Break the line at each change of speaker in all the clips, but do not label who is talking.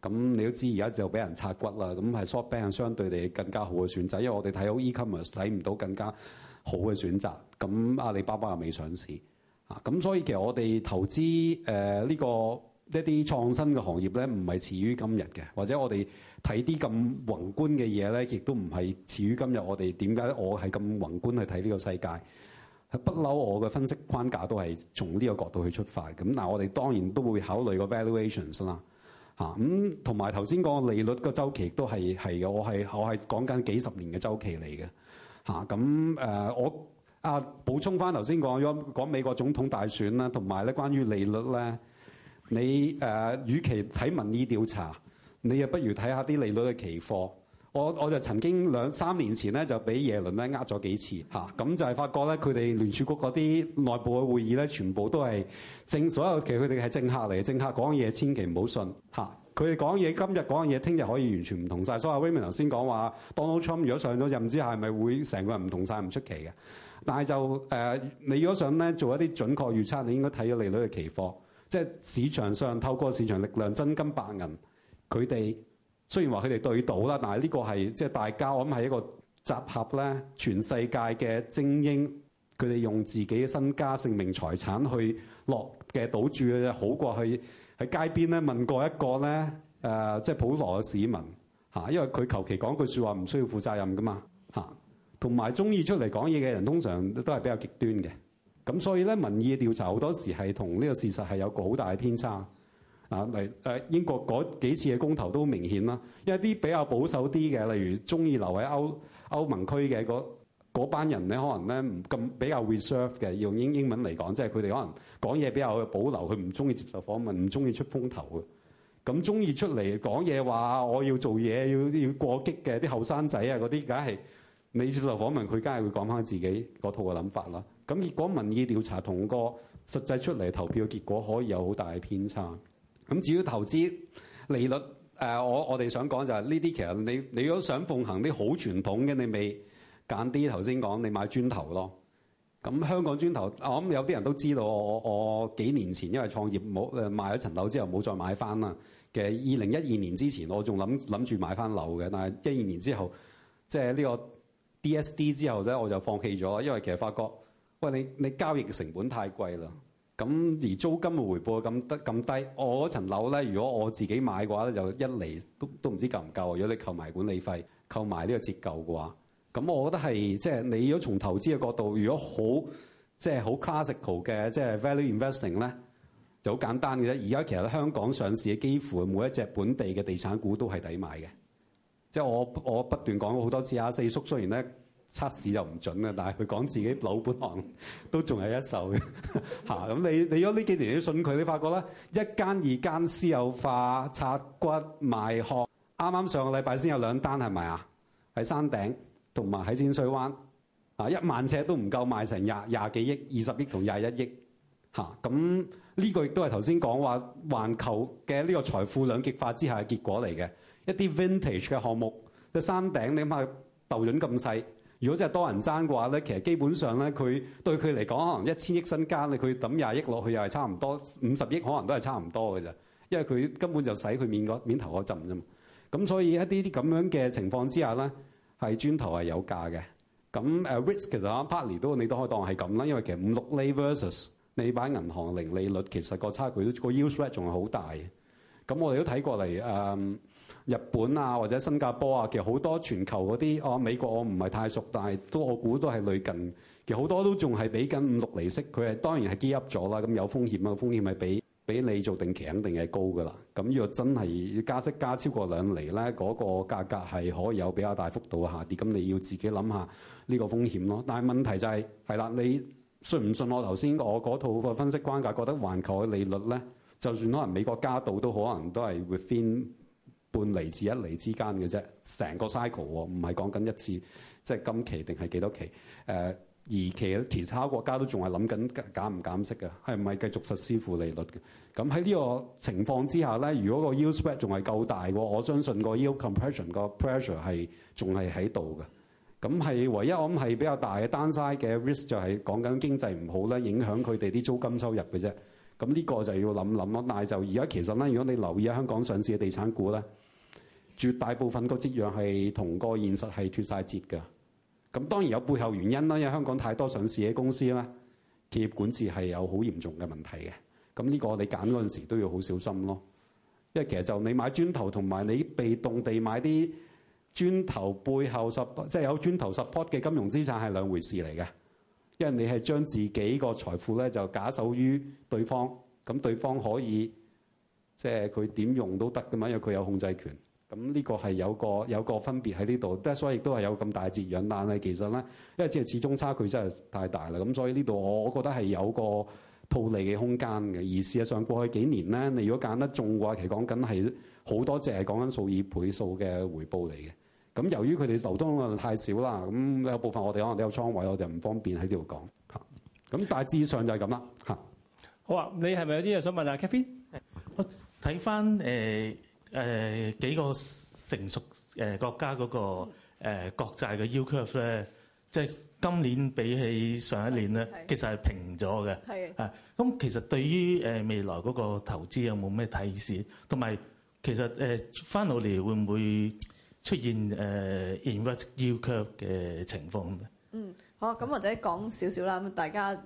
咁你都知而家就俾人拆骨啦，咁係 Softbank 相對地更加好嘅選擇，因為我哋睇好 e-commerce 睇唔到更加好嘅選擇。咁阿里巴巴又未上市，咁所以其實我哋投資呢、呃這個一啲創新嘅行業咧，唔係始於今日嘅，或者我哋睇啲咁宏觀嘅嘢咧，亦都唔係始於今日。我哋點解我係咁宏觀去睇呢個世界？係不嬲，我嘅分析框架都係從呢個角度去出發。咁嗱，我哋當然都會考慮個 valuations 啦。咁同埋頭先講利率個周期都係係嘅，我係我係講緊幾十年嘅周期嚟嘅。咁、啊呃、我啊補充翻頭先講咗講美國總統大選啦，同埋咧關於利率咧，你誒、呃、與其睇民意調查，你又不如睇下啲利率嘅期貨。我我就曾經兩三年前咧就俾耶倫咧呃咗幾次吓，咁就係發覺咧佢哋聯儲局嗰啲內部嘅會議咧，全部都係正所有，其實佢哋係政客嚟，政客講嘢千祈唔好信吓。佢哋講嘢，今日講嘢，聽日可以完全唔同晒。所以阿 Raymond 頭先講話，Donald Trump 如果上咗任之後，係咪會成個人唔同晒，唔出奇嘅？但係就、呃、你如果想咧做一啲準確預測，你應該睇咗利率嘅期貨，即係市場上透過市場力量真金白銀佢哋。雖然話佢哋對賭啦，但係呢個係即係大家我諗係一個集合咧，全世界嘅精英，佢哋用自己嘅身家、性命、財產去落嘅賭注嘅啫，好過去喺街邊咧問過一個咧，誒、呃，即係普羅嘅市民嚇，因為佢求其講句説話唔需要負責任噶嘛嚇，同埋中意出嚟講嘢嘅人通常都係比較極端嘅，咁所以咧民意調查好多時係同呢個事實係有個好大嘅偏差。啊，嚟誒英國嗰幾次嘅公投都明顯啦。因為一啲比較保守啲嘅，例如中意留喺歐歐盟區嘅嗰班人咧，可能咧咁比較 reserved 嘅，用英英文嚟講，即係佢哋可能講嘢比較保留，佢唔中意接受訪問，唔中意出風頭嘅。咁中意出嚟講嘢話說我要做嘢，要要過激嘅啲後生仔啊，嗰啲梗係未接受訪問，佢梗係會講翻自己嗰套嘅諗法啦。咁結果民意調查同個實際出嚟投票嘅結果可以有好大嘅偏差。咁至於投資利率，我我哋想講就係呢啲其實你你如果想奉行啲好傳統嘅，你咪揀啲頭先講，你買磚頭咯。咁、嗯、香港磚頭，我諗有啲人都知道我我幾年前因為創業冇誒賣咗層樓之後冇再買翻啦。其實二零一二年之前我仲諗諗住買翻樓嘅，但係一二年之後即係呢個 DSD 之後咧，我就放棄咗，因為其實發覺，喂你你交易嘅成本太貴啦。咁而租金嘅回報咁得咁低，我嗰層樓咧，如果我自己買嘅話咧，就一嚟都都唔知夠唔夠，如果你購買管理費、購買呢個折舊嘅話，咁我覺得係即係你如果從投資嘅角度，如果好即係好 classical 嘅即係 value investing 咧，就好簡單嘅啫。而家其實香港上市嘅幾乎每一隻本地嘅地產股都係抵買嘅，即係我我不斷講過好多次啊，四叔雖然咧。測試又唔準啊！但係佢講自己老本行都仲係一手嘅嚇。 咁你你咗呢幾年嘅信佢，你發覺咧，一間二間私有化拆骨賣殼，啱啱上個禮拜先有兩單係咪啊？喺山頂同埋喺淺水灣啊，一萬尺都唔夠賣成廿廿幾億、二十億同廿一億嚇。咁、啊、呢個亦都係頭先講話環球嘅呢個財富兩極化之下嘅結果嚟嘅。一啲 vintage 嘅項目，即係山頂，你諗下豆潤咁細。如果真係多人爭嘅話咧，其實基本上咧，佢對佢嚟講，可能一千億身家咧，佢抌廿億落去又係差唔多，五十億可能都係差唔多嘅啫。因為佢根本就使佢面面頭嗰陣啫嘛。咁所以一啲啲咁樣嘅情況之下咧，係磚頭係有價嘅。咁誒、啊、risk 其實 partly 都你都可以當係咁啦，因為其實五六厘 versus 你擺銀行零利率，其實個差距、那個、use rate 還是很都個 yield spread 仲係好大嘅。咁我哋都睇過嚟誒。日本啊，或者新加坡啊，其實好多全球嗰啲哦，美國我唔係太熟，但係都我估都係類近。其實好多都仲係畀緊五六厘息，佢係當然係 build up 咗啦。咁有風險啊，風險係比比你做定期肯定係高噶啦。咁若真係加息加超過兩厘咧，嗰個價格係可以有比較大幅度嘅下跌。咁你要自己諗下呢個風險咯。但係問題就係係啦，你信唔信我頭先我嗰套個分析框架？覺得環球嘅利率咧，就算可能美國加到都可能都係 within 半厘至一厘之間嘅啫，成個 cycle 唔係講緊一次，即係今期定係幾多期？誒、呃，而其其他國家都仲係諗緊減唔減息嘅，係唔係繼續實施負利率嘅？咁喺呢個情況之下咧，如果個 yield spread 仲係夠大喎、哦，我相信個 yield compression 個 pressure 係仲係喺度嘅。咁係唯一我諗係比較大嘅 downside 嘅 risk 就係講緊經濟唔好咧，影響佢哋啲租金收入嘅啫。咁呢個就要諗諗咯。但係就而家其實咧，如果你留意喺香港上市嘅地產股咧，絕大部分個積養係同個現實係脫晒節㗎，咁當然有背後原因啦。因為香港太多上市嘅公司啦，企業管治係有好嚴重嘅問題嘅。咁呢個你揀嗰陣時都要好小心咯，因為其實就你買磚頭同埋你被動地買啲磚頭背後十即係有磚頭 support 嘅金融資產係兩回事嚟嘅，因為你係將自己個財富咧就假手於對方，咁對方可以即係佢點用都得㗎嘛，因為佢有控制權。咁呢個係有個有個分別喺呢度，所以亦都係有咁大折讓，但係其實咧，因為即係始終差距真係太大啦。咁所以呢度我，我覺得係有個套利嘅空間嘅。而事實上過去幾年咧，你如果揀得中嘅話，其實講緊係好多隻係講緊數以倍數嘅回報嚟嘅。咁由於佢哋流通太少啦，咁有部分我哋可能都有倉位，我就唔方便喺呢度講嚇。咁大致上就係咁啦。好
啊，你係咪有啲嘢想問下？c a p i n 我睇翻誒、呃、幾個成熟誒國家嗰、那個誒、呃、國債嘅 Yield curve 咧，即係今年比起上一年咧，其實係平咗嘅。係啊，咁其實對於誒、呃、未來嗰個投資有冇咩睇示？同埋其實誒翻到嚟會唔會出現誒 invert Yield curve 嘅情況？嗯，
好咁，嗯嗯，或者講少少啦，咁大家。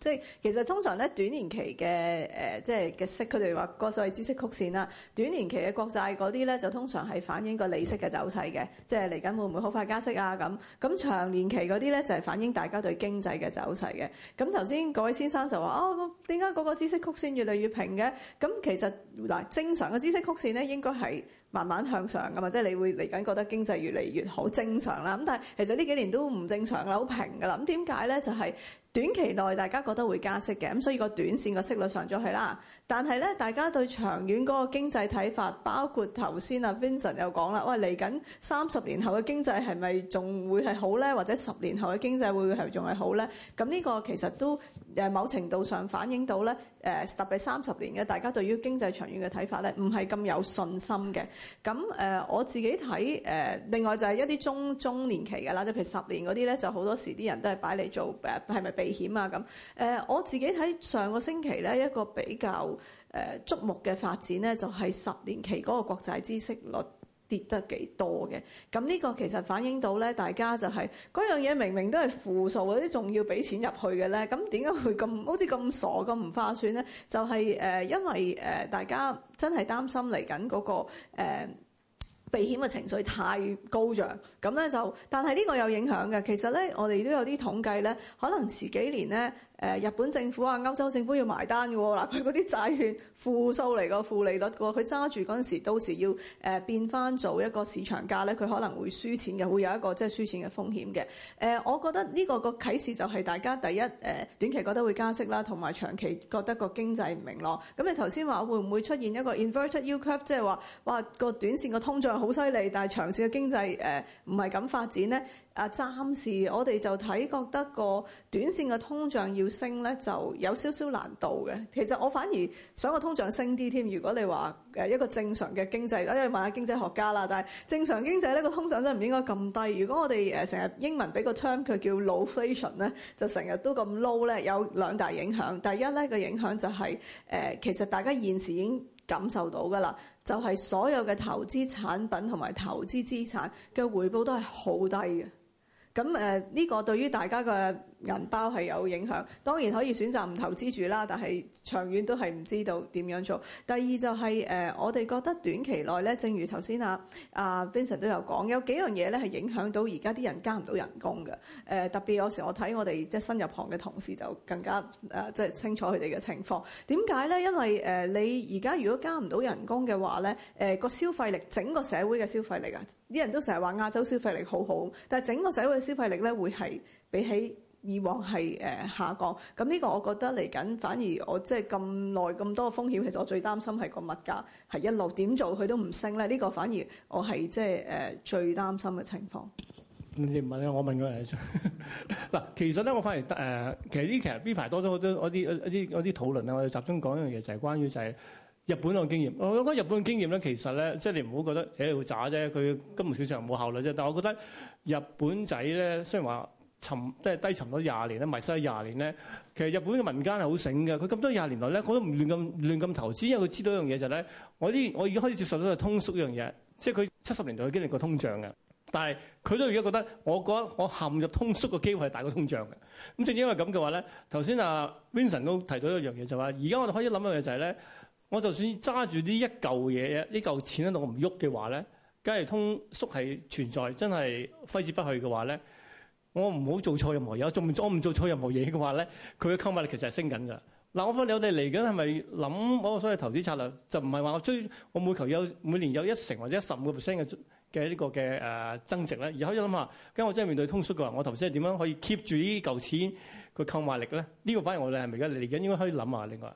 即係其實通常咧短年期嘅誒，即係嘅息，佢哋話所謂知識曲線啦。短年期嘅國債嗰啲咧，就通常係反映個利息嘅走勢嘅，即係嚟緊會唔會好快加息啊咁。咁長年期嗰啲咧就係、是、反映大家對經濟嘅走勢嘅。咁頭先各位先生就話哦，點解嗰個知識曲線越嚟越平嘅？咁其實嗱，正常嘅知識曲線咧應該係慢慢向上噶嘛，即、就、係、是、你會嚟緊覺得經濟越嚟越好，正常啦。咁但係其實呢幾年都唔正常，好平噶啦。咁點解咧？就係、是短期內大家覺得會加息嘅，咁所以個短線個息率上咗去啦。但係咧，大家對長遠嗰個經濟睇法，包括頭先阿 Vincent 又講啦，喂，嚟緊三十年後嘅經濟係咪仲會係好咧？或者十年後嘅經濟會係仲係好咧？咁、這、呢個其實都誒某程度上反映到咧誒特別三十年嘅大家對於經濟長遠嘅睇法咧，唔係咁有信心嘅。咁誒我自己睇誒，另外就係一啲中中年期嘅啦，即譬如十年嗰啲咧，就好多時啲人都係擺嚟做誒，係咪俾？是危險啊！咁、呃、誒，我自己喺上個星期咧，一個比較誒矚、呃、目嘅發展咧，就係、是、十年期嗰個國債孳息率跌得幾多嘅。咁呢個其實反映到咧，大家就係、是、嗰樣嘢明明都係負數，嗰啲仲要俾錢入去嘅咧。咁點解會咁好似咁傻咁唔划算咧？就係、是、誒、呃，因為誒、呃，大家真係擔心嚟緊嗰個、呃避險嘅情緒太高漲，咁咧就，但係呢個有影響嘅。其實咧，我哋都有啲統計咧，可能前幾年咧。誒日本政府啊，歐洲政府要埋單嘅喎，嗱佢嗰啲債券負數嚟個負利率個，佢揸住嗰陣時，到時要誒變翻做一個市場價呢，佢可能會輸錢嘅，會有一個即係輸錢嘅風險嘅。誒我覺得呢個個啟示就係大家第一誒短期覺得會加息啦，同埋長期覺得個經濟唔明朗。咁你頭先話會唔會出現一個 inverted yield curve，即係話哇個短線個通脹好犀利，但係長線嘅經濟誒唔係咁發展呢。啊，暫時我哋就睇覺得個短線嘅通脹要升咧，就有少少難度嘅。其實我反而想個通脹升啲添。如果你話一個正常嘅經濟，我都要問下經濟學家啦。但係正常經濟呢個通脹真係唔應該咁低。如果我哋成日英文俾個 term 佢叫 lowflation 咧，就成日都咁 low 咧，有兩大影響。第一咧個影響就係其實大家現時已經感受到㗎啦，就係所有嘅投資產品同埋投資資產嘅回報都係好低嘅。咁呃呢個對於大家嘅。銀包係有影響，當然可以選擇唔投資住啦。但係長遠都係唔知道點樣做。第二就係、是、誒、呃，我哋覺得短期內咧，正如頭先啊啊 Vincent 都有講，有幾樣嘢咧係影響到而家啲人加唔到人工嘅誒。特別有時我睇我哋即係新入行嘅同事就更加誒、呃，即係清楚佢哋嘅情況點解呢？因為誒、呃，你而家如果加唔到人工嘅話呢，誒個消費力整個社會嘅消費力啊，啲人都成日話亞洲消費力好好，但係整個社會嘅消費力呢，會係比起。以往係誒下降，咁呢個我覺得嚟緊反而我即係咁耐咁多風險，其實我最擔心係個物價係一路點做佢都唔升咧，呢、這個反而我係即係誒最擔心嘅情況。
你唔問我，我問過嚟。嗱， 其實咧，我反而誒、呃就是哦，其實呢，其實呢排多咗好多一啲一啲啲討論咧，我哋集中講一樣嘢就係關於就係日本嘅經驗。我覺得日本嘅經驗咧，其實咧，即係你唔好覺得誒要渣啫，佢金融市場冇效率啫。但係我覺得日本仔咧，雖然話，沉即係低沉咗廿年咧，迷失咗廿年咧。其實日本嘅民間係好醒嘅，佢咁多廿年來咧，佢都唔亂咁亂咁投資，因為佢知道一樣嘢就係、是、咧，我啲我已經開始接受到係通縮呢樣嘢，即係佢七十年代經歷過通脹嘅，但係佢都而家覺得我覺得我陷入通縮嘅機會係大過通脹嘅。咁正因為咁嘅話咧，頭先阿 Vincent 都提到一樣嘢就話、是，而家我哋可以諗一樣嘢就係、是、咧，我就算揸住呢一嚿嘢呢嚿錢喺度我唔喐嘅話咧，假如通縮係存在，真係揮之不去嘅話咧。我唔好做錯任何嘢，做唔做唔做錯任何嘢嘅話咧，佢嘅購買力其實係升緊㗎。嗱、啊，我覺得我哋嚟緊係咪諗嗰個所謂投資策略，就唔係話我追我每求有每年有一成或者一十五個 percent 嘅嘅呢個嘅誒增值咧？而可以諗下，如果我真係面對通縮嘅話，我頭先係點樣可以 keep 住呢嚿錢個購買力咧？呢、呢個反而我哋係咪而家嚟緊應該可以諗下另外？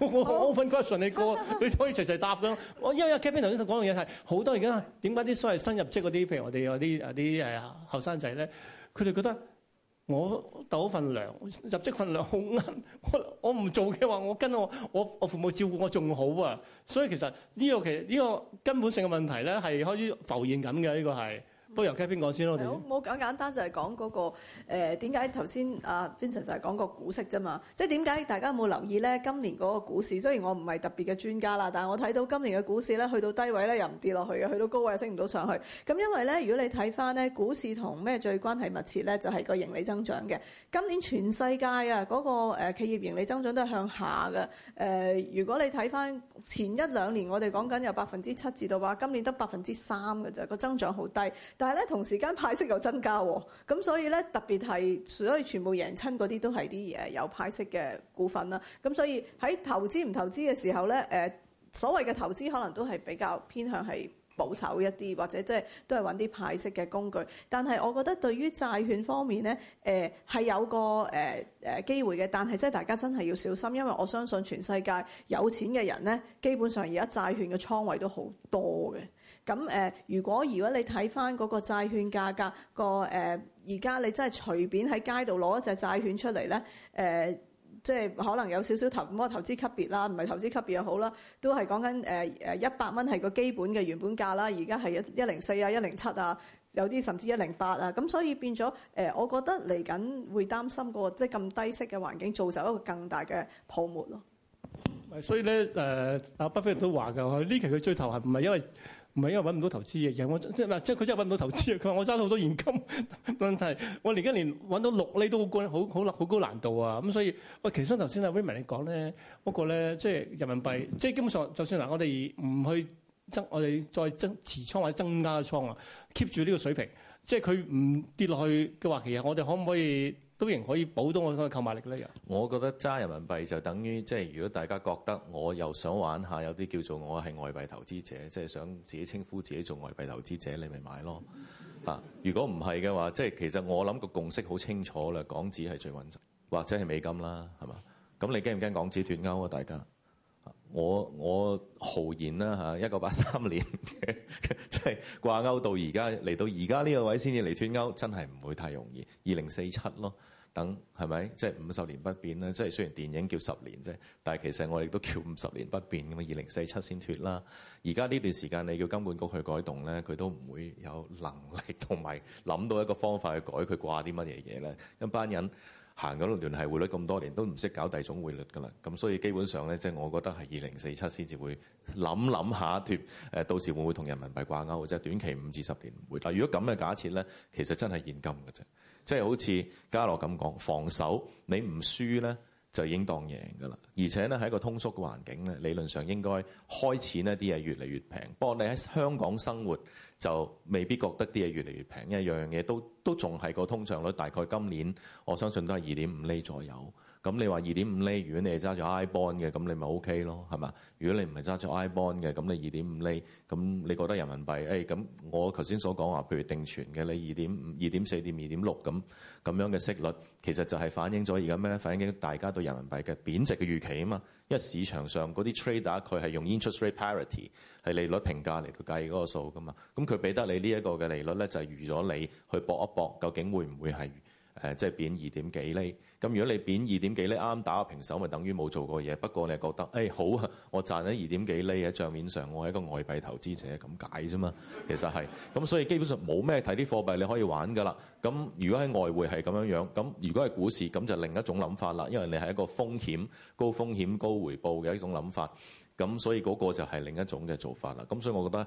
我 open question 你過， 你可以隨隨，隨答㗎。我因為阿 c a 頭先講嘅嘢係好多而家點解啲所謂新入職嗰啲，譬如我哋有啲啲誒後生仔咧。佢哋覺得我鬥份糧，入職份糧好啱，我我唔做嘅話，我跟我我我父母照顧我仲好啊，所以其實呢個其實呢個根本性嘅問題咧，係開始浮現緊嘅呢個係。都由側邊講先咯。我
冇簡簡單就係講嗰個誒點解頭先阿 Vincent 就係講個股息啫嘛。即係點解大家有冇留意咧？今年嗰個股市，雖然我唔係特別嘅專家啦，但係我睇到今年嘅股市咧，去到低位咧又唔跌落去嘅，去到高位又升唔到上去。咁因為咧，如果你睇翻咧，股市同咩最關係密切咧？就係個盈利增長嘅。今年全世界啊，嗰個企業盈利增長都係向下嘅。誒，如果你睇翻前一兩年，我哋講緊有百分之七至到話，今年得百分之三嘅啫，個增長好低。但係咧，同時間派息又增加喎，咁所以咧，特別係所以全部贏親嗰啲都係啲誒有派息嘅股份啦，咁所以喺投資唔投資嘅時候咧，誒、呃、所謂嘅投資可能都係比較偏向係保守一啲，或者即係都係揾啲派息嘅工具。但係我覺得對於債券方面咧，誒、呃、係有個誒誒機會嘅，但係即係大家真係要小心，因為我相信全世界有錢嘅人咧，基本上而家債券嘅倉位都好多嘅。咁誒，如果如果你睇翻嗰個債券價格，那個誒，而、呃、家你真係隨便喺街度攞一隻債券出嚟咧，誒、呃，即、就、係、是、可能有少少投唔投資級別啦，唔係投資級別又好啦，都係講緊誒誒一百蚊係個基本嘅原本價啦。而家係一一零四啊，一零七啊，有啲甚至一零八啊。咁所以變咗誒、呃，我覺得嚟緊會擔心個即係咁低息嘅環境，造就一個更大嘅泡沫咯。
所以咧誒，阿巴菲特都話㗎，佢呢期佢追投係唔係因為？唔係因為揾唔到投資嘅，而我即係即係佢真係揾唔到投資啊！佢話我揸咗好多現金問題，我而家連揾到六厘都好高，好好難，好高難度啊！咁所以喂，其實頭先阿 Raymond 你講咧，不過咧即係人民幣，即係基本上就算嗱，我哋唔去增，我哋再增持倉或者增加倉啊，keep 住呢個水平，即係佢唔跌落去嘅話，其實我哋可唔可以？都仍可以保到我嘅購買力㗎啦！
我覺得揸人民幣就等於即係，如果大家覺得我又想玩下，有啲叫做我係外幣投資者，即係想自己稱呼自己做外幣投資者，你咪買咯嚇、啊。如果唔係嘅話，即係其實我諗個共識好清楚啦，港紙係最穩陣，或者係美金啦，係嘛？咁你驚唔驚港紙斷鈎啊？大家，我我豪言啦嚇，一九八三年即係掛鈎到而家，嚟到而家呢個位先至嚟斷鈎，真係唔會太容易。二零四七咯。等係咪？即係五十年不變咧？即係雖然電影叫十年啫，但係其實我哋都叫五十年不變咁啊！二零四七先脫啦。而家呢段時間你叫金管局去改動咧，佢都唔會有能力同埋諗到一個方法去改佢掛啲乜嘢嘢咧。一班人行緊個聯繫匯率咁多年，都唔識搞第二種匯率噶啦。咁所以基本上咧，即係我覺得係二零四七先至會諗諗下脫。誒，到時會唔會同人民幣掛鈎？即係短期五至十年唔會。如果咁嘅假設咧，其實真係現金嘅啫。即係好似嘉樂咁講，防守你唔輸呢，就已經當贏㗎啦。而且呢，喺個通縮嘅環境呢，理論上應該開始一啲嘢越嚟越平。不過你喺香港生活就未必覺得啲嘢越嚟越平，因為樣樣嘢都都仲係個通脹率，大概今年我相信都係二點五厘左右。咁你話二點五厘，如果你係揸住 I bond 嘅，咁你咪 O K 咯，係嘛？如果你唔係揸住 I bond 嘅，咁你二點五厘，咁你覺得人民幣，誒、哎、咁我頭先所講話，譬如定存嘅你二點五、二點四、二點六咁咁樣嘅息率，其實就係反映咗而家咩咧？反映大家對人民幣嘅貶值嘅預期啊嘛。因為市場上嗰啲 trader 佢係用 interest rate parity 係利率評價嚟去計嗰個數噶嘛。咁佢俾得你呢一個嘅利率咧，就係預咗你去搏一搏，究竟會唔會係？誒即係貶二點幾厘，咁如果你貶二點幾釐，啱打個平手咪等於冇做過嘢。不過你係覺得，誒、哎、好啊，我賺喺二點幾厘喺帳面上，我係一個外幣投資者咁解啫嘛。其實係，咁所以基本上冇咩睇啲貨幣你可以玩㗎啦。咁如果喺外匯係咁樣樣，咁如果係股市，咁就另一種諗法啦。因為你係一個風險高風險、風險高回報嘅一種諗法。咁所以嗰個就係另一種嘅做法啦。咁所以我覺得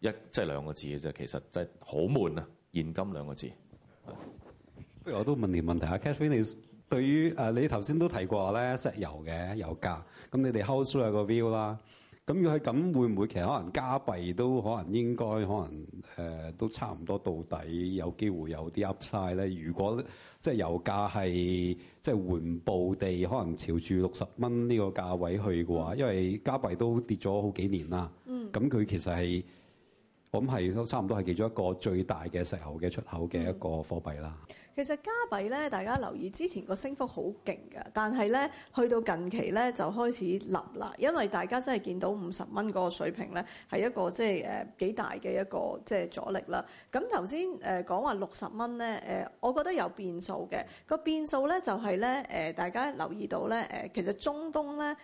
一即係兩個字嘅啫，其實真係好悶啊！現金兩個字。
不如我都問你問題啊，Catherine，你對於、呃、你頭先都提過咧石油嘅油價，咁你哋 house 個 view 啦，咁如果咁會唔會其實可能加幣都可能應該可能都差唔多，到底有機會有啲 upside 咧？如果即係、就是、油價係即係緩步地可能朝住六十蚊呢個價位去嘅話，因為加幣都跌咗好幾年啦，咁、嗯、佢其實係。咁係都差唔多係其中一個最大嘅石油嘅出口嘅一個貨幣啦。
其實加幣咧，大家留意之前個升幅好勁㗎，但係咧去到近期咧就開始腍啦，因為大家真係見到五十蚊個水平咧係一個即係誒幾大嘅一個即係、就是、阻力啦。咁頭先誒講話六十蚊咧，誒我覺得有變數嘅。個變數咧就係、是、咧誒，大家留意到咧誒，其實中東咧。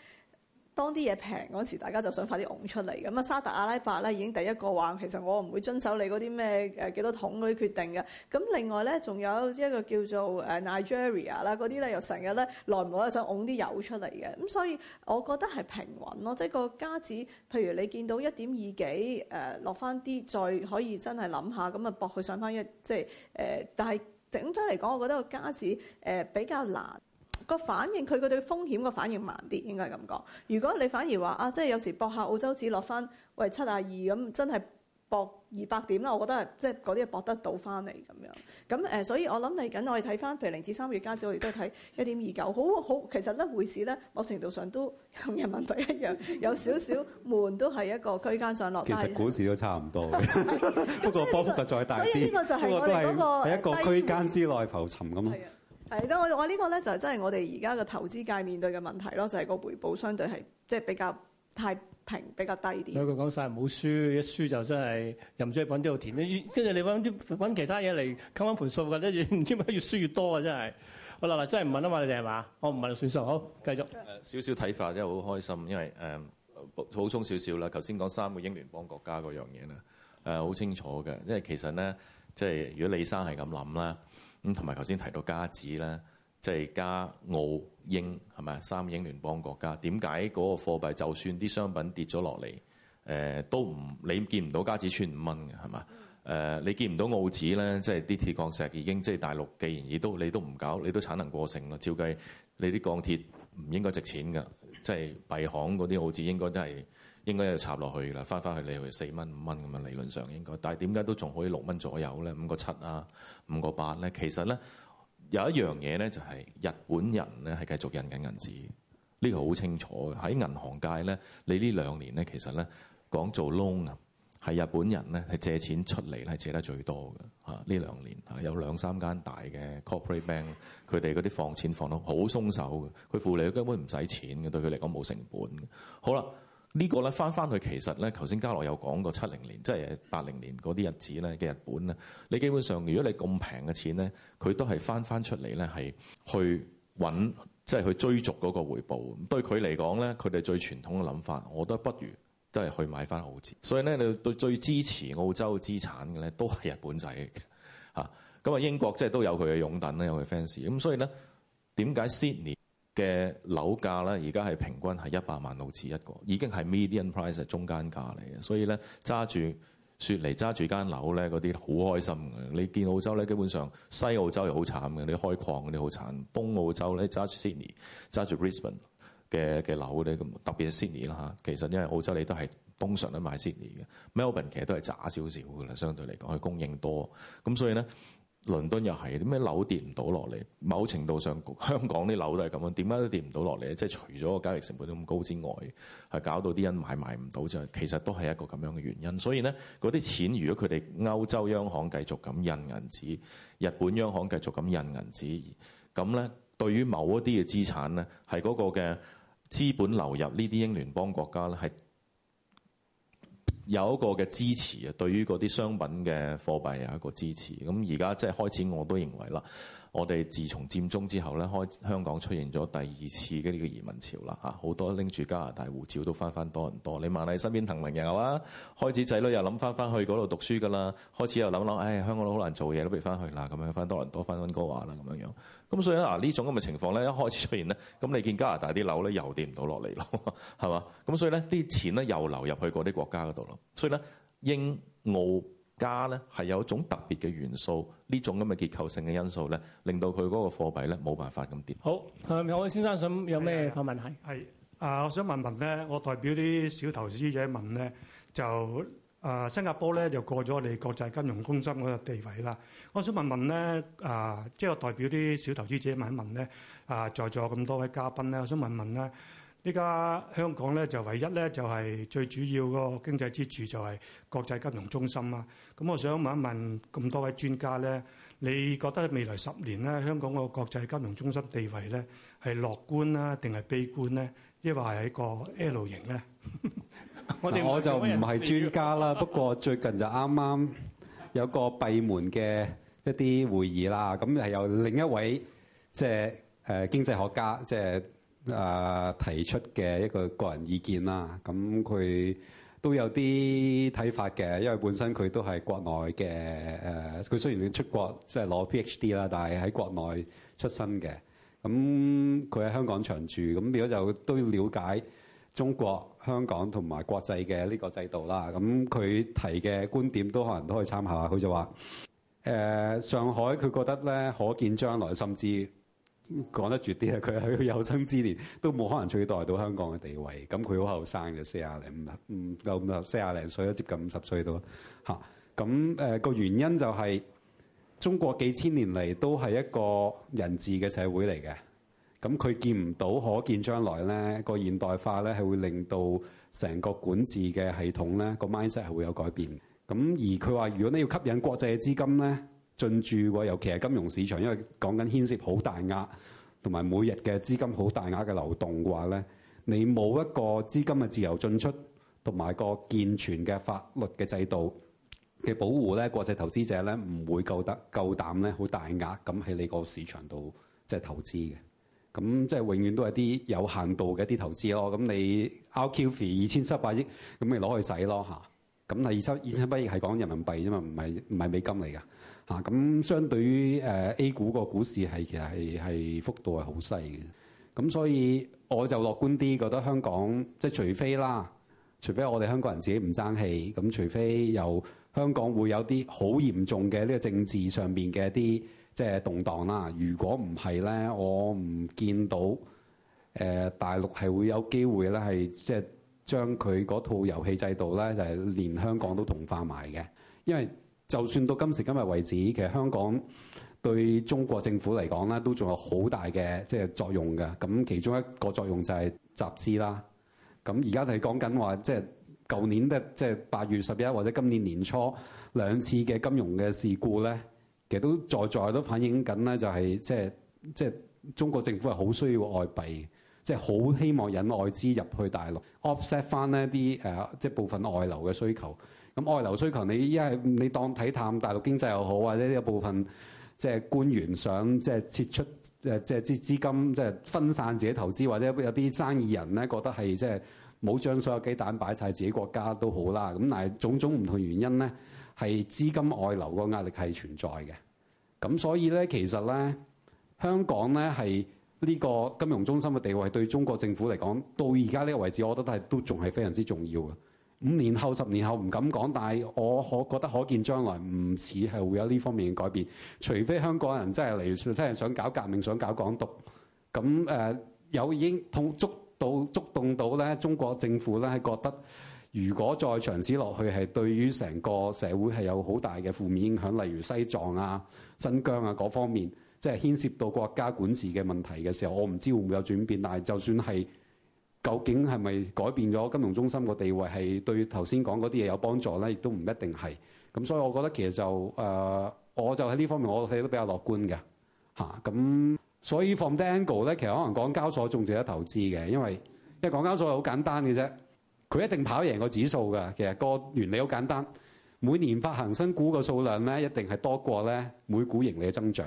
當啲嘢平嗰時，大家就想快啲拱出嚟。咁啊，沙特阿拉伯咧已經第一個話，其實我唔會遵守你嗰啲咩誒幾多桶嗰啲決定嘅。咁另外咧，仲有一個叫做誒 Nigeria 啦，嗰啲咧又成日咧耐唔耐又想拱啲油出嚟嘅。咁所以我覺得係平穩咯，即係個家子。譬如你見到、呃、一點二幾誒落翻啲，再可以真係諗下咁啊，搏佢上翻一即係誒。但係整體嚟講，我覺得個家子誒、呃、比較難。個反應佢個對風險個反應慢啲，應該係咁講。如果你反而話啊，即係有時博下澳洲指落翻喂七啊二咁，真係博二百點啦，我覺得係即係嗰啲係博得到翻嚟咁樣。咁誒、呃，所以我諗嚟緊我哋睇翻譬如零至三月加指，我哋都睇一點二九，好好其實一回事咧。某程度上都同人民幣一樣，有少少悶都係一個區間上落。其實股
市都差唔多， 不過波幅就再大啲，所以呢、呢個、個就係我哋係、嗰個喺一個區間之內浮沉咁咯、啊。
係，即我這個呢、就是、我呢個咧就係真係我哋而家嘅投資界面對嘅問題咯，就係、是、個回報相對係即係比較太平，比較低啲。佢
講晒，唔好輸，一
輸就真係任住揾啲路填。跟住你揾啲揾其他嘢嚟溝翻盤數嘅，跟住唔知點解越輸越多啊！真係好啦，嗱，真係唔問啦嘛，你哋係嘛？我唔問算數，好繼續。
少少睇法真係好開心，因為誒補充少少啦。頭先講三個英聯邦國家嗰樣嘢咧，誒、呃、好清楚嘅，因為其實咧即係如果李生係咁諗啦。咁同埋頭先提到加紙咧，即係加澳英係咪？三英聯邦國家點解嗰個貨幣就算啲商品跌咗落嚟，誒都唔你見唔到加紙穿五蚊嘅係咪啊？你見唔到，嗯，呃，到澳紙咧，即係啲鐵礦石已經即係大陸既然亦都你都唔搞，你都產能過剩啦。照計你啲鋼鐵唔應該值錢㗎，即係幣行嗰啲澳紙應該都係。應該要插落去㗎啦，翻翻去你去四蚊五蚊咁啊。理論上應該，但係點解都仲可以六蚊左右咧？五個七啊，五個八咧。其實咧有一樣嘢咧，就係日本人咧係繼續印緊銀紙，呢個好清楚喺銀行界咧。你呢兩年咧，其實咧講做 loan 啊，係日本人咧係借錢出嚟咧，借得最多嘅啊。呢兩年有兩三間大嘅 corporate bank，佢哋嗰啲放錢放得好鬆手嘅，佢付你佢根本唔使錢嘅，對佢嚟講冇成本。好啦。呢、這個咧翻翻去其實咧，頭先嘉樂有講過七零年，即係八零年嗰啲日子咧嘅日本咧，你基本上如果你咁平嘅錢咧，佢都係翻翻出嚟咧，係去揾即係去追逐嗰個回報。對佢嚟講咧，佢哋最傳統嘅諗法，我都不如都係去買翻澳紙。所以咧，你對最支持澳洲資產嘅咧，都係日本仔嘅。咁啊，英國即係都有佢嘅擁躉咧，有佢 fans。咁所以咧，點解 Sydney？嘅樓價咧，而家係平均係一百萬澳紙一個，已經係 median price 係中間價嚟嘅。所以咧，揸住雪梨，揸住間樓咧，嗰啲好開心嘅。你見澳洲咧，基本上西澳洲又好慘嘅，你開礦嗰啲好慘。東澳洲咧，揸住 Sydney 揸住 Brisbane 嘅嘅樓咧，咁特別係 Sydney 啦嚇。其實因為澳洲你都係通常都買 Sydney 嘅 Melbourne，其實都係渣少少㗎啦。相對嚟講，佢供應多咁，所以咧。倫敦又係點解樓跌唔到落嚟？某程度上，香港啲樓都係咁樣，點解都跌唔到落嚟咧？即係除咗個交易成本都咁高之外，係搞到啲人買賣唔到，就其實都係一個咁樣嘅原因。所以咧，嗰啲錢，如果佢哋歐洲央行繼續咁印銀紙，日本央行繼續咁印銀紙，咁咧對於某一啲嘅資產咧，係嗰個嘅資本流入呢啲英聯邦國家咧，係。有一個嘅支持啊，對於嗰啲商品嘅貨幣有一個支持。咁而家即係開始，我都認為啦。我哋自從佔中之後咧，開香港出現咗第二次嘅呢個移民潮啦嚇，好多拎住加拿大護照都翻翻多倫多。你問下你身邊騰名人啊，開始仔女又諗翻翻去嗰度讀書㗎啦，開始又諗諗，唉、哎，香港都好難做嘢，都不如翻去啦，咁樣翻多倫多翻溫哥華啦咁樣樣。咁所以嗱呢、啊、種咁嘅情況咧，一開始出現咧，咁你見加拿大啲樓咧又跌唔到落嚟咯，係嘛？咁所以咧，啲錢咧又流入去嗰啲國家嗰度咯。所以咧，所以英澳。加咧係有一種特別嘅元素，呢種咁嘅結構性嘅因素咧，令到佢嗰個貨幣咧冇辦法咁跌。好，
啊，有位先生想有咩嘅問題？係啊，我想問問咧，我代表啲小投資者問咧，就啊，新加坡咧就過咗我哋國際金融中心嗰個地位啦。我想問問咧啊，即係我代表啲小投資者問一問咧啊，在座咁多位嘉賓咧，我想問問咧。依家香港咧就唯一咧就係最主要個經濟支柱就係國際金融中心啦。咁我想問一問咁多位專家咧，你覺得未來十年咧香港個國際金融中心地位咧係樂觀啊，定係悲觀咧？抑或係一個 L 型咧？
我哋我就唔係專家啦，不過最近就啱啱有個閉門嘅一啲會議啦，咁係由另一位即係誒經濟學家即係。誒、呃、提出嘅一個個人意見啦，咁佢都有啲睇法嘅，因為本身佢都係國內嘅誒，佢、呃、雖然要出國即係攞 PhD 啦，但係喺國內出身嘅，咁佢喺香港長住，咁如果就都了解中國香港同埋國際嘅呢個制度啦，咁佢提嘅觀點都可能都可以參考。佢就話誒、呃、上海，佢覺得咧，可見將來甚至，講得絕啲啊！佢喺有生之年都冇可能取代到香港嘅地位。咁佢好後生嘅，四啊零唔唔夠五啊，四啊零歲都接近五十歲到。咁誒個原因就係中國幾千年嚟都係一個人治嘅社會嚟嘅。咁佢見唔到，可見將來咧個現代化咧係會令到成個管治嘅系統咧個 mindset 係會有改變。咁而佢話：如果你要吸引國際嘅資金咧，進駐喎，尤其係金融市場，因為講緊牽涉好大額，同埋每日嘅資金好大額嘅流動嘅話咧，你冇一個資金嘅自由進出，同埋個健全嘅法律嘅制度嘅保護咧，國際投資者咧唔會夠得夠膽咧，好大額咁喺你個市場度即係投資嘅。咁即係永遠都係啲有限度嘅一啲投資咯。咁你 RQF 二千七百億咁，咪攞去使咯嚇。咁係二千二千七百億係講人民幣啫嘛，唔係唔係美金嚟㗎。嚇、啊、咁相對於誒 A 股個股市係其實係係幅度係好細嘅，咁所以我就樂觀啲覺得香港即係、就是、除非啦，除非我哋香港人自己唔爭氣，咁除非有香港會有啲好嚴重嘅呢個政治上面嘅一啲即係動盪啦。如果唔係咧，我唔見到誒、呃、大陸係會有機會咧，係即係將佢嗰套遊戲制度咧，就係、是、連香港都同化埋嘅，因為。就算到今時今日為止，其實香港對中國政府嚟講咧，都仲有好大嘅即係作用嘅。咁其中一個作用就係集資啦。咁而家係講緊話，即係舊年咧，即係八月十一或者今年年初兩次嘅金融嘅事故咧，其實都在在都反映緊咧、就係，就係即係即係中國政府係好需要外幣，即係好希望引外資入去大陸 offset 翻呢啲誒，即係部分外流嘅需求。咁外流需求你，你一係你當睇淡大陸經濟又好，或者有部分即係官員想即係撤出，即係即係資金，即係分散自己投資，或者有啲生意人咧覺得係即係冇將所有雞蛋擺晒自己國家都好啦。咁但係種種唔同原因咧，係資金外流個壓力係存在嘅。咁所以咧，其實咧，香港咧係呢個金融中心嘅地位對中國政府嚟講，到而家呢個位置，我覺得都係都仲係非常之重要嘅。五年後、十年後唔敢講，但係我可覺得可見將來唔似係會有呢方面嘅改變，除非香港人真係嚟，真係想搞革命、想搞港獨。咁誒、呃、有已經觸觸到、觸動到咧，中國政府咧係覺得，如果再長此落去係對於成個社會係有好大嘅負面影響，例如西藏啊、新疆啊嗰方面，即係牽涉到國家管治嘅問題嘅時候，我唔知會唔會有轉變。但係就算係。究竟係咪改變咗金融中心個地位係對頭先講嗰啲嘢有幫助咧？亦都唔一定係。咁所以，我覺得其實就誒、呃，我就喺呢方面我睇都比較樂觀嘅嚇。咁、啊、所以放低 angle 咧，其實可能港交所仲值得投資嘅，因為因為港交所係好簡單嘅啫，佢一定跑贏個指數㗎。其實個原理好簡單，每年發行新股嘅數量咧，一定係多過咧每股盈利嘅增長。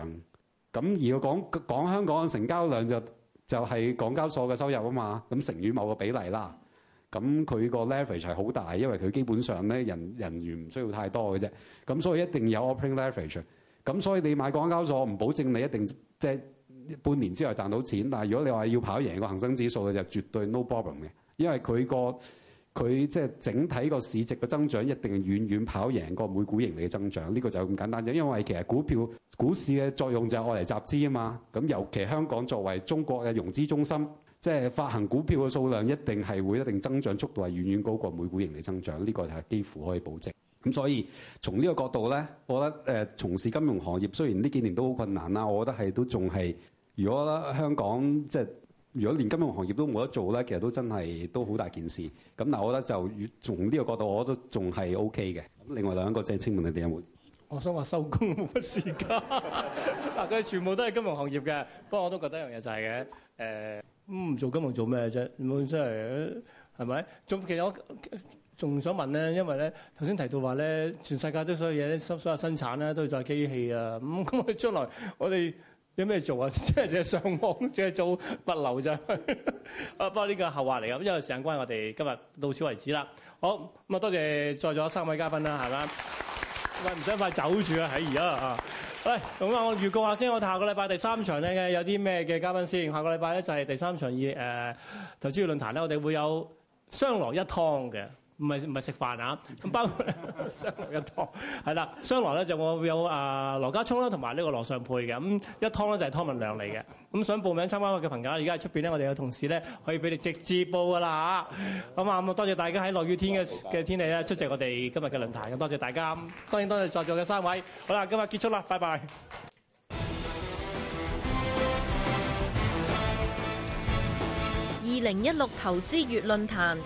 咁而我講講香港嘅成交量就。就係、是、港交所嘅收入啊嘛，咁乘以某個比例啦，咁佢個 leverage 係好大，因為佢基本上咧人人員唔需要太多嘅啫，咁所以一定有 operating leverage，咁所以你買港交所唔保證你一定即係、就是、半年之後賺到錢，但係如果你話要跑贏個恒生指數嘅就絕對 no problem 嘅，因為佢個。佢即係整體個市值嘅增長一定遠遠跑贏個每股盈利嘅增長，呢個就咁簡單啫。因為其實股票股市嘅作用就係愛嚟集資啊嘛。咁尤其香港作為中國嘅融資中心，即係發行股票嘅數量一定係會一定增長速度係遠遠高過每股盈利增長，呢個就係幾乎可以保證，咁所以從呢個角度咧，我覺得誒從事金融行業雖然呢幾年都好困難啦，我覺得係都仲係，如果香港即係。如果連金融行業都冇得做咧，其實都真係都好大件事。咁嗱，我覺得就從呢個角度，我都仲係 O K 嘅。另外兩個即係請問你點樣
活？我想話收工冇乜時間。
嗱，佢
全部都係金融行業嘅。 不過我都覺得一樣嘢就係嘅。唔做金融做咩啫？冇真係，係咪？仲其實我仲想問咧，因為咧頭先提到話咧，全世界都所有嘢都所有生產咧都要在機器啊。咁咁佢將來我哋。有咩做啊？即 係上網，即係做物流啫。啊， 不過呢個後話嚟嘅，因為時間關係我哋今日到此為止啦。好，咁啊，多謝在座三位嘉賓啦，係咪？唔使快走住啊，喺而家。嚇。喂，咁啊，我預告下先，我哋下個禮拜第三場咧，有啲咩嘅嘉賓先？下個禮拜咧就係第三場以、呃、投資月論壇咧，我哋會有雙來一湯嘅。唔係唔係食飯啊！咁包括 雙羅一湯，係啦，雙羅咧就我會有啊、呃、羅家聰啦，同埋呢個羅尚佩嘅，咁一湯咧就係湯文亮嚟嘅。咁想報名參加我嘅朋友而家喺出邊咧，我哋有同事咧可以俾你直接報噶啦嚇。咁、嗯、啊，咁、嗯、多謝大家喺落雨天嘅嘅天氣啦，出席我哋今日嘅論壇，咁多謝大家，當然多謝在座嘅三位。好啦，今日結束啦，拜拜。
二零一
六投資月論壇。